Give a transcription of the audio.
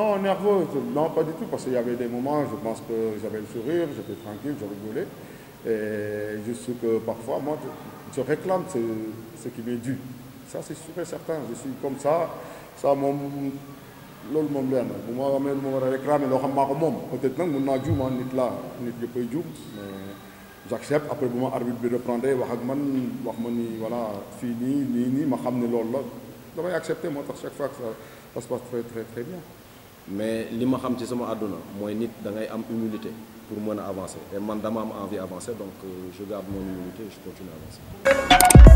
Non, nerveux, non, pas du tout, parce qu'il y avait des moments, je pense que j'avais le sourire, j'étais tranquille, je rigolais. Et je que parfois, moi, je, réclame ce, qui m'est dû. Ça, c'est super certain. Je suis comme ça. Ça, mon. loolu moom leer moi, je ma je réclame a réclamer loo là, peut-être que j'accepte après moi, ma arbitre bi reprendre wax ak man wax ma ni voilà fii nii nii ma xam ne accepter moi, chaque fois que ça ça se passe très très très bien mais li ma xam ci sama aduna moy nit da ngay am humilité pour moi avancer et man dama am envie avancer donc euh, je garde mon humilité et je continue à avancer